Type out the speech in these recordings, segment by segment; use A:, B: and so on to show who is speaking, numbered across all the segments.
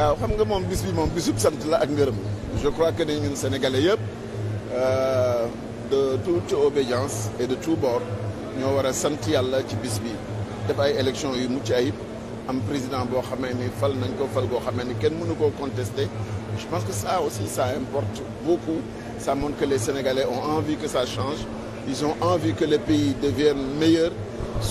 A: waaw xam nga moom bis bi moom bisub sant la ak ngërëm je crois que ne ñun sénégalais yëpp euh, de toute obédience et de tout bord ñoo war a sant yàlla ci bis bi def ay élection yu mucc ayib am président boo xamee ni fal nañ ko fal boo xamee ni kenn mënu koo contester je pense que ça aussi ça importe beaucoup ça montre que les sénégalais ont envie que ça change ils ont envie que le pays devienne meilleur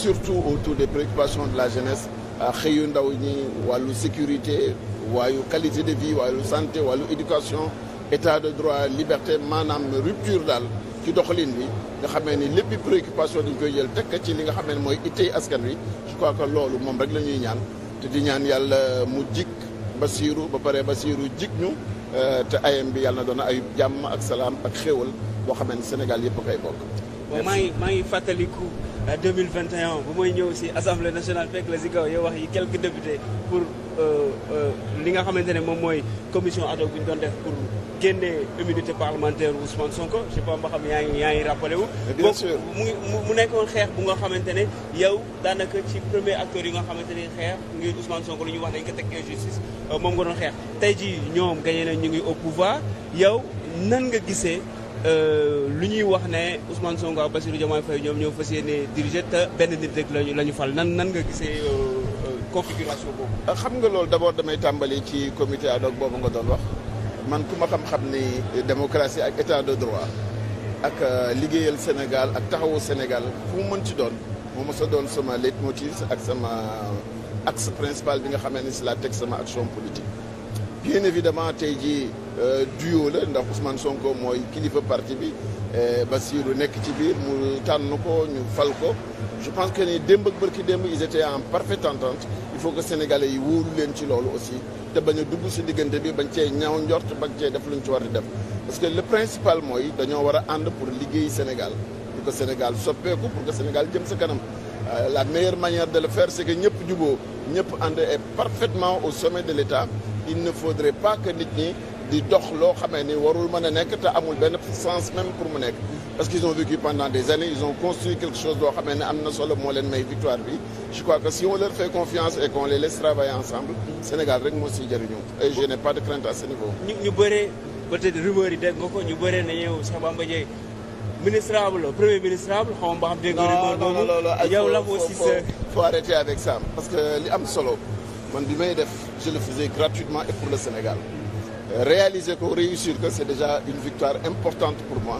A: surtout autour des préoccupations de la jeunesse xëyu ndaw ñi wàllu sécurité waayu qualité de vie wàllu santé wàllu éducation état de droit liberté maanaam rupture daal ci doxalin bi nga xamee ni lépp préoccupation dañ koy jël tekk ci li nga xamee ne mooy i askan wi je crois loolu moom rek la ñuy ñaan te di ñaan yàlla mu jik Basiiru ba pare Basiiru jik ñu euh, te ayam bi yàlla na doon ayub jàmm ak salaam ak xéwal boo xamee ne Sénégal yëpp a koy bokk.
B: maa 2021 bu may ñëw si assemblée nationale fekk la si kaw yow wax yi quelques députés pour euh, euh, li nga xamante ne moom mooy commission ad hoc bi doon def pour génne immunité parlementaire Ousmane Sonko je sais pas mba xam yaa ngi yaa ngi rappelé wu. bien sûr mu nekkoon xeex bu nga xamante ne yow daanaka ci premier acteur yi nga xamante ne xeex ngir Ousmane Sonko lu ñuy wax dañ ko teg injustice euh, moom nga doon xeex tey jii ñoom gagné na ñu ngi au pouvoir yow nan nga gise Euh, lu ñuy wax ne Ousmane Sonko ak Bassirou Diomaye Faye ñoom ñoo fas yéene diriger te benn nit rek lañu la ñu fal nan nan nga gisee euh, euh, configuration boobu. xam nga loolu d'abord damay tàmbali
A: ci comité ad hoc boobu nga doon wax man ku ma xam-xam ni démocratie ak état de droit ak liggéeyal Sénégal ak taxawu Sénégal fu mu mën ci doon moo mos a doon sama leitmotiv ak sama axe principal bi nga xamee ni si laa teg sama action politique bien évidemment tey jii. Euh, duo la ndax Ousmane Sonko mooy kilifa parti bi euh, Bassirou nekk ci biir mu tànn ko ñu fal ko je pense que ni démb ak bërki démb ils étaient en parfaite entente il faut que sénégalais yi wóolu leen ci loolu aussi te bañ a dugg si diggante bi bañ cee ñaaw njort bañ cee def luñ ci war di def parce que le principal mooy dañoo war a ànd pour liggéey Sénégal pour que Sénégal soppeeku pour que Sénégal jëm sa kanam euh, la meilleure manière de le faire c'est que ñëpp juboo ñëpp ànd est parfaitement au sommet de l'État il ne faudrait pas di dox loo xamee ni warul mën a nekk te amul benn sens même pour mu nekk parce qu'ils ont vécu pendant des années ils ont construit quelque chose boo xamee ne am na solo moo leen may victoire bi je crois que si on leur fait confiance et qu'on les laisse ensemble Sénégal rek moo siy jëriñu
B: et je n'ai pas de crainte à ce niveau ñu ñu bëree peut-être rumeur yi dégg nga ko ñu bëree na ñëw Cheikh Bamba Dièye ministrable la premier ministrable xaw ma ba xam dégg rumeur boobu yow
A: parce que li am solo man bi may def je le faisais gratuitement pour le Sénégal réaliser ko réussir que c'est déjà une victoire importante pour moi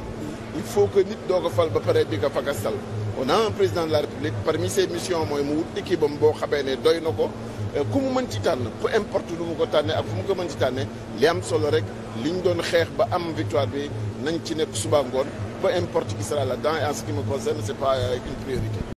A: il faut que nit doo ko fal ba pare di ko fakastal on a un président de la république parmi ses missions mooy mu wut équipe am boo xamee ne doy na ko euh, ku mu mën ci tànn peu importe lu mu ko tànnee ak fu mu ko mën ci tànnee li am solo rek li ñu doon xeex ba am victoire bi nañ ci nekk suba ngoon peu importe qui sera la dans et en ce qui me c'est pas euh, une priorité